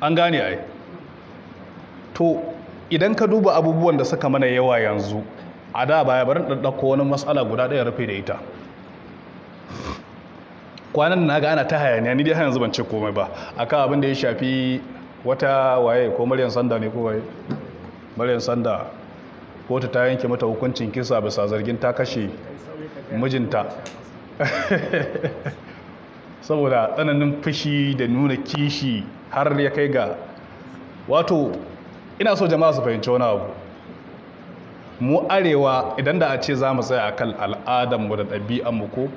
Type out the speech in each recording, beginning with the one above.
an gane ai to idan ka duba abubuwan da suka mana yawa yanzu a da baya barin ɗaɗɗako wani matsala guda ɗaya rufe da ita kwanan na ga ana ta hayaniya ni dai har yanzu ban ce komai ba akan abin da ya shafi wata waye ko Maryam Sanda ne ko waye Maryam Sanda kotu ta yanke mata hukuncin kisa bisa zargin ta kashe mijinta saboda tsananin fushi da nuna kishi har ya kai ga wato ina so jama'a su fahimci wani abu mu arewa idan da a ce za mu tsaya kan al'adarmu da ɗabi'anmu ko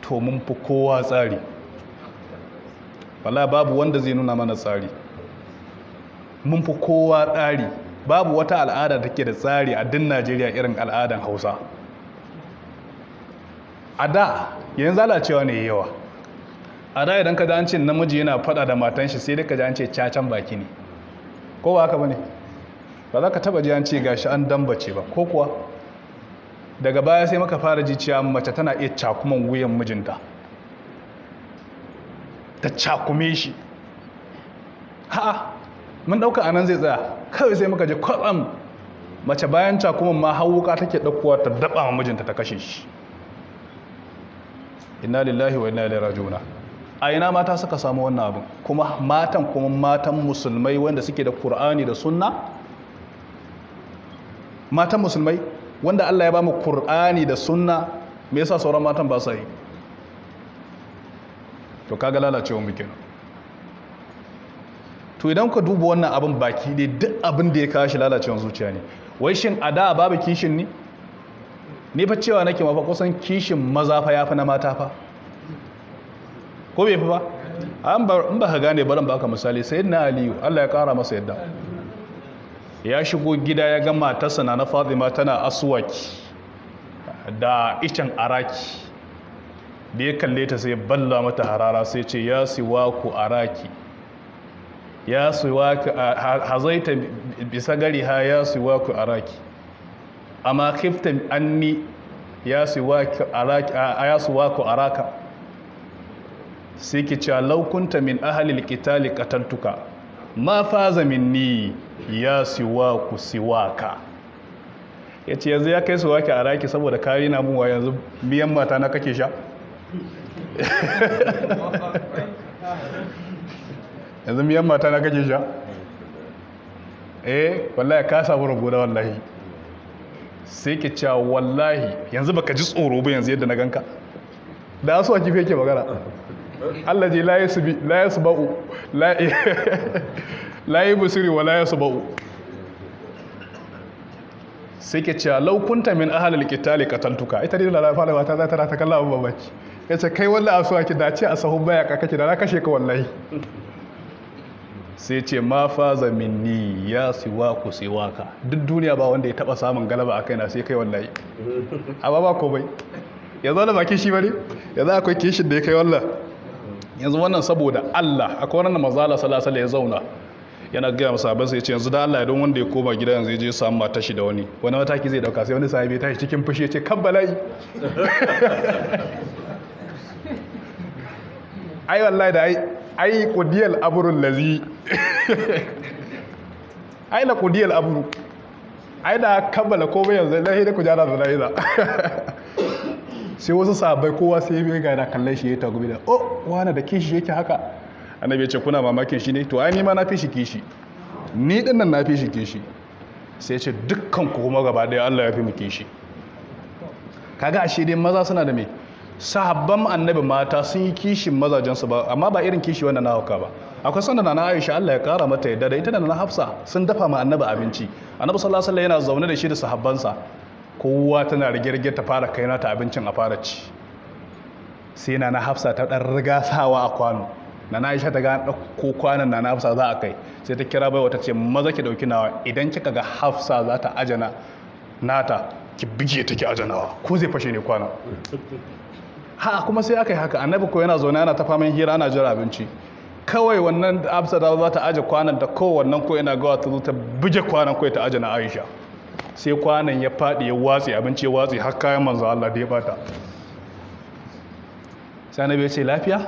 to mun fi kowa tsari wala babu wanda zai nuna mana tsari mun fi kowa tsari babu wata al'ada da ke da tsari a din najeriya irin al'adar hausa a da yanzu zalacewa ne yawa a da idan ka ji an ce namiji yana faɗa da matan shi sai dai ka ji an ce cacan baki ne ko ba haka bane ba za ka taba ji an ce gashi an dambace ba ko kuwa daga baya sai maka fara ji ciya mace tana iya cakuman wuyan mijinta ta cakume shi ha'a mun ɗauka anan zai tsaya kawai sai muka ji kwatsam mace bayan cakuman ma hawuka take ɗaukowa ta daɓa ma mijinta ta kashe shi inna lillahi wa inna ilaihi raji'una a ina mata suka samu wannan abin kuma matan kuma matan musulmai wanda suke da Kur'ani da sunna matan musulmai wanda Allah ya ba mu Kur'ani da sunna me yasa sauran matan ba sa yi to kaga lalace mu kenan to idan ka duba wannan abin baki ne duk abin da ya kawo shi lalacewar zuciya ne wai shin a da babu kishin ne ne fa cewa nake mafa kusan kishin maza fa yafi na mata fa ko bai fi ba in ba ka gane barin ba misali sai na aliyu allah ya kara masa yadda ya shigo gida ya ga matarsa na fatima tana aswaki da icen araki da ya kalle ta sai balla mata harara sai ce ya siwa ku araki ya siwa ku hazaita bisa gari ha ya siwa ku araki amma kiftan anni ya siwa ku araka sai ki cewa laukunta min ahalil qitali qataltuka ma faza minni ya siwa ku siwaka yace yanzu ya kai siwaki a raki saboda kari na mun wa yanzu biyan mata na kake sha yanzu miyan mata na kake sha eh wallahi ka kasa rabu da wallahi sai ki cewa wallahi yanzu baka ji tsoro ba yanzu yadda na ganka da aso a kife ke magana Allah ji la yasbi la ba'u la yi busiri wa la ba'u. sai ke cewa laukunta min ahalil qitali katantuka. ita dai da fara wata za ta rata kalla abu babaci ce kai wanda a suwa ki dace a sahun baya ka kake da na kashe ka wallahi sai ce ma fa zamini ya siwa ku siwa ka duk duniya ba wanda ya taba samun galaba a kaina sai kai wallahi A ba ko bai zo da ba kishi bane za akwai kishin da ya kai wallahi yanzu wannan saboda Allah akwai wannan mazala salasala ya zauna yana gaya masa sai ce yanzu da Allah don wanda ya koma gida yanzu je samu mata shi da wani wani mataki zai dauka sai wani sahibi tashi cikin fushi ya ce kan bala'i ai wallahi da ai ai qudiyal abrul lazi ai la qudiyal abru ai da kabbala komai yanzu lahi da kujara da lahi da sai wasu sahabbai kowa sai ya riga na kallon shi ya tagumi da oh wani da kishi yake haka annabi ya ce kuna mamakin shi ne to ai ni ma na fi shi kishi ni din na fi kishi sai ya ce dukkan ku kuma gaba daya Allah ya fi mu kishi kaga ashe dai maza suna da me sahabban annabi mata sun yi kishin mazajensu ba amma ba irin kishi wanda na hauka ba akwai sanda na Aisha Allah ya kara mata yadda da ita da na Hafsa sun dafa ma annabi abinci annabi sallallahu alaihi wasallam yana zaune da shi da sahabbansa kowa tana rigirgir ta fara kai nata abincin a fara ci sai na na hafsa ta dan riga sawa a kwano na na aisha ta gane ɗauko kwanan na na hafsa za a kai sai ta kira baiwa ta ce maza ki ɗauki nawa idan kika ga hafsa za ta ajana nata ki bige ta ki ajanawa ko zai fashe ne kwanon. ha kuma sai aka yi haka annabi ko yana zaune yana ta faman hira ana jira abinci kawai wannan hafsa za ta aje kwanan ta wannan ko yana gawa ta zo ta bige kwanan ko ta ajana aisha sai kwanan ya faɗi ya watsi abinci ya watsi har kayan manzo Allah da ya bata sai annabi ya ce lafiya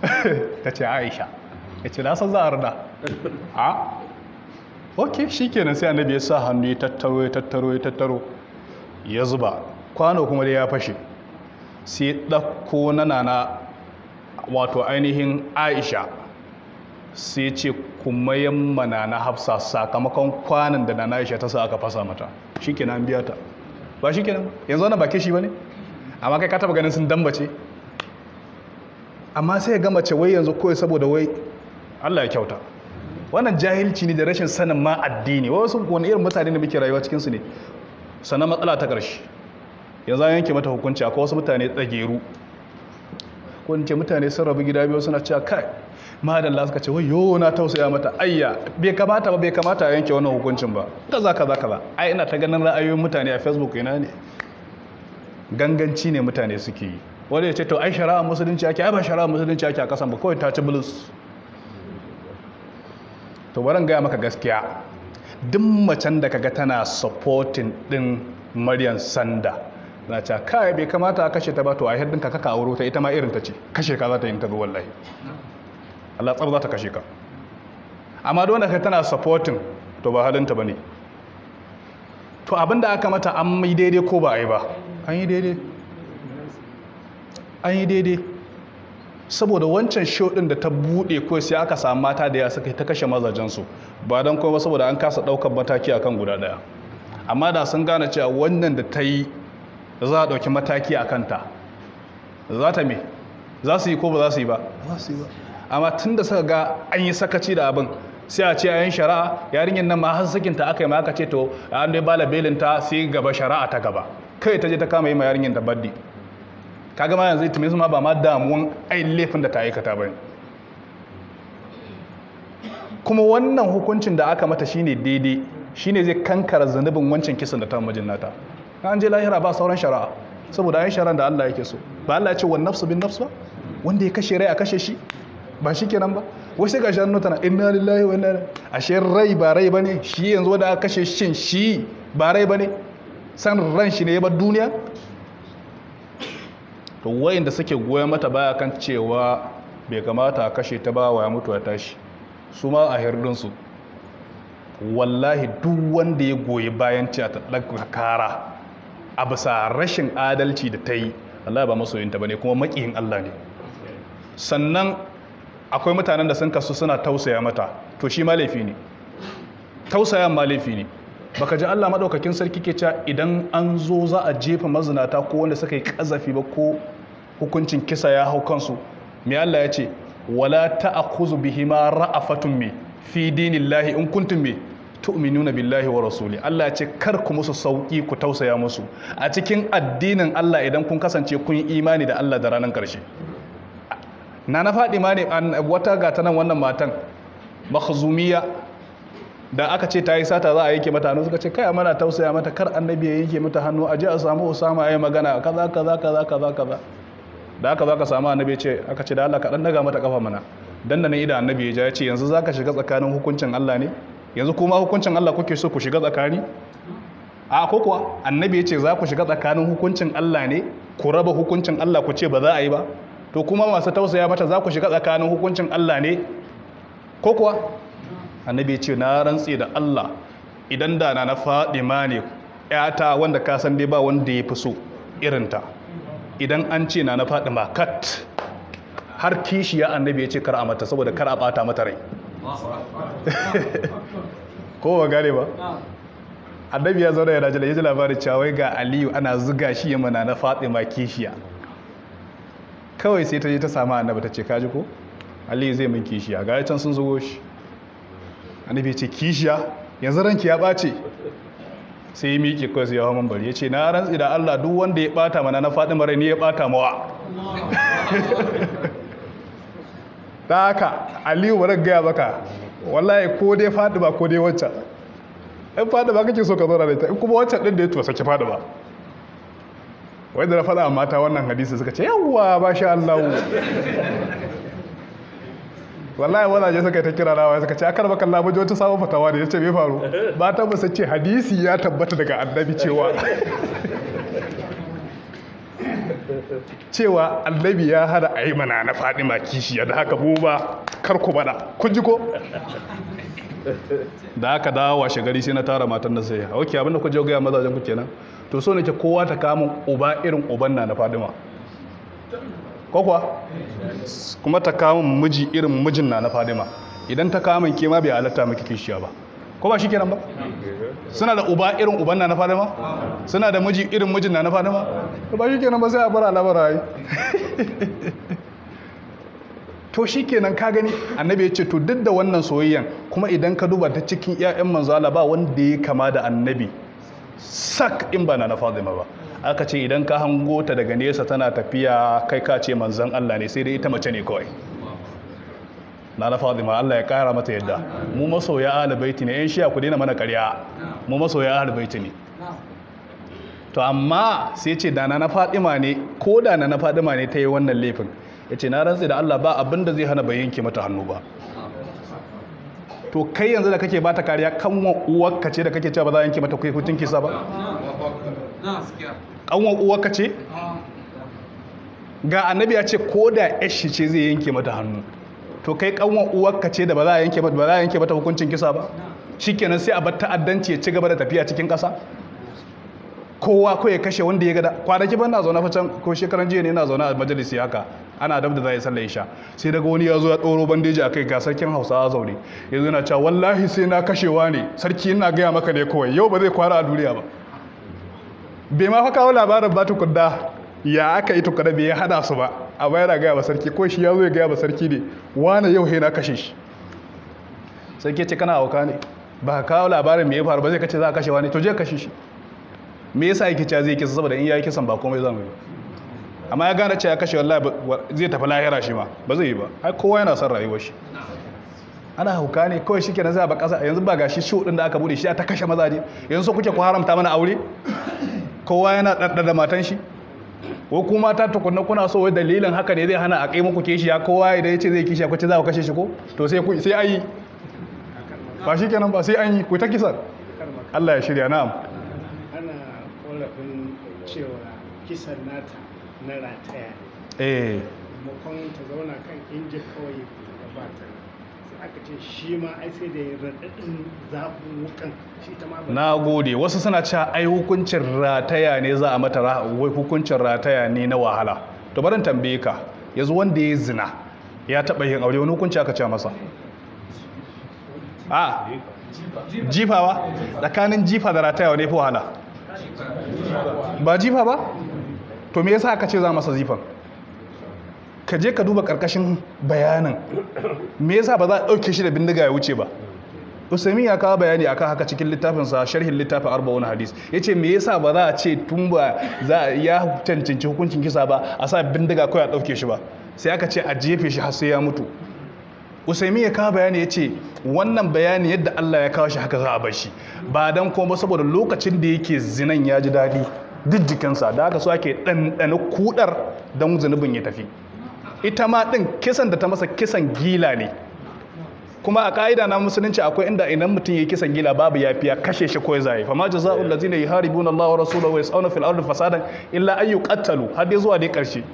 ta ce Aisha ya ce na san za a rada a ok shikenan sai annabi ya sa hannu ya tattaro ya tattaro ya tattaro ya zuba kwano kuma da ya fashe sai ɗauko na nana wato ainihin aisha sai ce kumayen mana na hafsa sakamakon kwanan da nana aisha ta sa aka fasa mata shi an biya ta ba shi kenan yanzu wannan ba kishi ba ne amma kai ka taba ganin sun dambace amma sai ya gama ce wai yanzu kawai saboda wai allah ya kyauta wannan jahilci ne da rashin sanin ma addini wasu wani irin mutane ne muke rayuwa cikinsu ne sannan matsala ta ƙarshe yanzu an yanke mata hukunci akwai wasu mutane tsageru ko ce mutane sun rabu gida biyu suna cewa kai madalla suka ce wayo na tausaya mata ayya bai kamata ba bai kamata a yanke wannan hukuncin ba kaza kaza kaza ai ina ta ganin ra'ayoyin mutane a facebook ina ne ganganci ne mutane suke yi wani ya ce to ai shara'a musulunci ake ai ba shara'a musulunci ake a kasan ba kawai ta ci bulus to baran gaya maka gaskiya duk macen da kaga tana supporting din Maryam Sanda na ce kai bai kamata a kashe ta ba to a yadda ka kaka auro ta ita ma irin ta ce kashe ka za ta yi ta zo wallahi Allah tsar za ta kashe ka amma don ka tana supporting to ba halinta ba ne to abinda aka mata an yi daidai ko ba a yi ba an yi daidai an yi daidai saboda wancan shoɗin da ta buɗe ko sai aka samu mata da ya suka ta kashe mazajensu ba don kuma saboda an kasa ɗaukar mataki akan guda ɗaya amma da sun gane cewa wannan da ta yi za a ɗauki mataki a kanta za ta me za su yi ko ba za su yi ba amma tun da suka ga an yi sakaci da abin sai a ce a yin shari'a yarinyar nan ma har sakinta aka yi ma aka ce to an dai bala belinta sai gaba shara'a ta gaba kai ta je ta kama yi ma yarinyar da baddi kaga ma yanzu tumis ma ba ma damuwan ayin laifin da ta aikata ba kuma wannan hukuncin da aka mata shine daidai shine zai kankara zanubin wancan kisan da ta majin nata an je lahira ba sauran shari'a saboda ayin shari'a da Allah yake so ba Allah ya ce wan nafsu bin nafsu ba wanda ya kashe rai a kashe shi ba shi kenan ba wai sai gashi annu tana inna lillahi wa inna ashe rai ba rai bane shi yanzu wanda aka kashe shin shi ba rai bane san ran shi ne ya bar duniya to wayanda suke goya mata baya kan cewa bai kamata a kashe ta ba wa ya mutu ya tashi su ma a hirdinsu wallahi duk wanda ya goyi bayan ta ta kara a bisa rashin adalci da ta yi Allah ba masoyinta bane kuma makihin Allah ne sannan akwai mutanen da sun kasu suna tausaya mata to shi ma laifi ne tausaya ma laifi ne baka ji Allah maɗaukakin sarki ke ca idan an zo za a jefa mazinata ko wanda suka yi ƙazafi ba ko hukuncin kisa ya hau kansu me Allah ya ce wala ta'khuzu bihima ra'afatun me fi dinillahi in kuntum me tu'minuna billahi wa rasuli Allah ya ce kar ku musu sauki ku tausaya musu a cikin addinin Allah idan kun kasance kun yi imani da Allah da ranar karshe na na faɗi ma ne wata gata nan wannan matan makhzumiya da aka ce ta yi sata za a yake mata hannu suka ce kai mana tausaya mata kar annabi ya yake mata hannu a je a samu Usama ya yi magana kaza kaza kaza kaza kaza da aka zaka samu annabi ce aka ce da Allah ka dan daga mata kafa mana dan da ne idan annabi ya ja ya ce yanzu zaka shiga tsakanin hukuncin Allah ne yanzu kuma hukuncin Allah kuke so ku shiga tsakani a ko kuwa annabi ya ce za ku shiga tsakanin hukuncin Allah ne ku raba hukuncin Allah ku ce ba za a yi ba to kuma masu tausaya mata za ku shiga tsakanin hukuncin Allah ne ko kuwa annabi ya ce na rantse da Allah idan da na ma ne ƴata wanda ka san dai ba wanda ya fi so irinta idan an ce na na ma kat har kishiya annabi ya ce kar a mata saboda kar a bata mata rai ko ba gane ba annabi ya zauna ya rajula ya ji labarin cewa ga aliyu ana zuga shi ya na na fatima kishiya kawai sai ta je ta samu annabi ta ce kaji ko aliyu zai min kishiya ga can sun zugo shi annabi ce kishiya yanzu ranki ya ɓace sai ya miƙe kawai ya hawan ya ce na rantsi da Allah duk wanda ya ɓata mana na faɗi mara ne ya ɓata mawa ta haka aliyu bari gaya baka wallahi ko dai fadi ba ko dai wancan in fadi ba kake so ka zauna da ita in kuma wancan din da ya to saki fadi ba wai da na faɗa mata wannan hadisi suka ce yawwa ba sha Allah wallahi wazaje suka ta kira rawa suka ce akar baka labar wata sabon fatawa da ya ce bai faru ba ta musa ce hadisi ya tabbata daga annabi cewa cewa annabi ya hada a yi mana na ma kishiya da haka buba ba kar ku bada kun ji ko da haka dawo washe gari sai na tara matan da sai hauki abinda ku je gaya mazajen ku kenan to so nake kowa ta kama uba irin uban na na fadima ko kuwa kuma ta kama miji irin mijin na na ma idan ta kama ke ma bai halatta miki kishiya ba ko ba shi kenan ba suna da uba irin uban na na fadama suna da miji irin mijin na na fadama ba shi nan ba sai a bar labara yi to shi kenan ka gani annabi ya ce to duk da wannan soyayyan kuma idan ka duba ta cikin 'ya'yan manzala ba wanda ya kama da annabi sak in ba na na fadama ba aka ce idan ka hango ta daga nesa tana tafiya kai ka ce manzan Allah ne sai dai ita mace ne kawai na na ma Allah ya kara mata yadda mu masoya ahli baiti ne yan shiya ku daina mana ƙarya mu masoya ahli baiti ne to amma sai ce da na ma ne ko da na ma ne ta yi wannan laifin yace na rantsi da Allah ba abin da zai hana bayan mata hannu ba to kai yanzu da kake bata kariya kanwan uwarka ce da kake cewa ba za a yanke mata kai hutun kisa ba kanwan uwarka ce ah. ga annabi ya ce ko da yashi ce zai yanke mata hannu to kai kanwan uwarka ce da ba za a yanke ba za a hukuncin kisa ba shikenan sai a bar ta'addanci ya ci gaba da tafiya cikin kasa kowa ko ya kashe wanda ya gada kwanaki ban na zaune facen ko shekaran jiya ne na zaune a majalisi haka ana dab da za a sallar isha sai daga wani ya zo ya tsoro bandeji a kai ga sarkin hausawa zaune ya zo na cewa wallahi sai na kashewa ne sarki ina gaya maka ne kawai yau ba zai kwara a duniya ba bai ma fa kawo labarin ba tukunna ya aka yi tukunna bai hada su ba a baya na gaya ba sarki ko shi ya zo ya gaya ba sarki ne wane yau na kashe shi sarki ce kana auka ne ba ka kawo labarin me ya faru ba zai kace za a kashe wani to je kashe shi me yasa yake cewa zai kisa saboda in yi kisan ba komai zan yi amma ya gane cewa kashe wallahi zai tafi lahira shi ma ba zai yi ba ai kowa yana son rayuwar shi ana hauka ne kawai shi kenan zai a kasa yanzu ba gashi shi hudun da aka bude shi ta kashe mazaje yanzu kuke ku haramta mana aure kowa yana ɗanɗana matan shi ko kuma ta tukunna kuna so wai dalilin haka ne zai hana a kai muku kishiya kowa idan ya ce zai kishiya ce za ku kashe shi ko to sai ku sai ayi ba shi kenan ba sai an yi ku ta kisan Allah ya shirya na'am ana korafin cewa kisan nata na rataya eh mukon ta zauna kan injin kawai ba ta aka ce shi ma ai sai da raɗaɗin zafin wukan shi ta ma na gode wasu suna cewa ai hukuncin rataya ne za a mata wai hukuncin rataya ne na wahala to barin tambaye ka yanzu wanda ya zina ya taɓa yin aure wani hukunci aka ce masa a jifa ba tsakanin jifa da rataya ne fi wahala ba jifa ba to me yasa aka ce za masa jifan ka je ka duba karkashin bayanin me yasa ba za a ɗauke shi da bindiga ya wuce ba usaimin ya kawo bayani akan haka cikin littafinsa sharhin littafin arba'un hadis ya ce me yasa ba za a ce tun ba za ya cancanci hukuncin kisa ba a sa bindiga kawai a ɗauke shi ba sai aka ce a jefe shi har sai ya mutu usaimin ya kawo bayani ya ce wannan bayani yadda allah ya kawo shi haka za a bar shi ba dan kuma saboda lokacin da yake zinan ya ji daɗi duk jikinsa da haka so ake ɗanɗana kuɗar don zunubin ya tafi ita ma ɗin kisan da ta masa kisan gila ne kuma a ka'ida na musulunci akwai inda idan mutum ya kisan gila babu yafiya kashe shi ko zai fa ma jazaa'ul ladzina yuharibuna Allah wa rasulahu wa yas'una fil ardi fasadan illa ayyu yuqattalu har dai zuwa dai karshe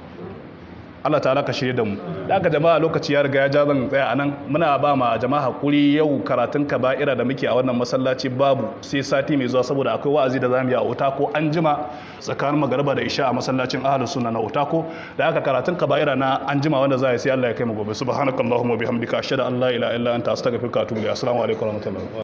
Allah ta ka shirye da mu da aka jama'a lokaci ya riga ya ja zan tsaya anan muna ba ma jama'a hakuri yau karatun ka kaba'ira da muke a wannan masallaci babu sai sati mai zuwa saboda akwai wa'azi da zamu yi a Otako an jima tsakanin magariba da isha a masallacin Ahlus Sunna na Otako da aka karatun ka ba'ira na an jima wanda za a yi sai Allah ya kai mu gobe subhanakallahumma bihamdika ashhadu an la ilaha illa anta astaghfiruka wa atubu ilaik assalamu alaikum rahmatullahi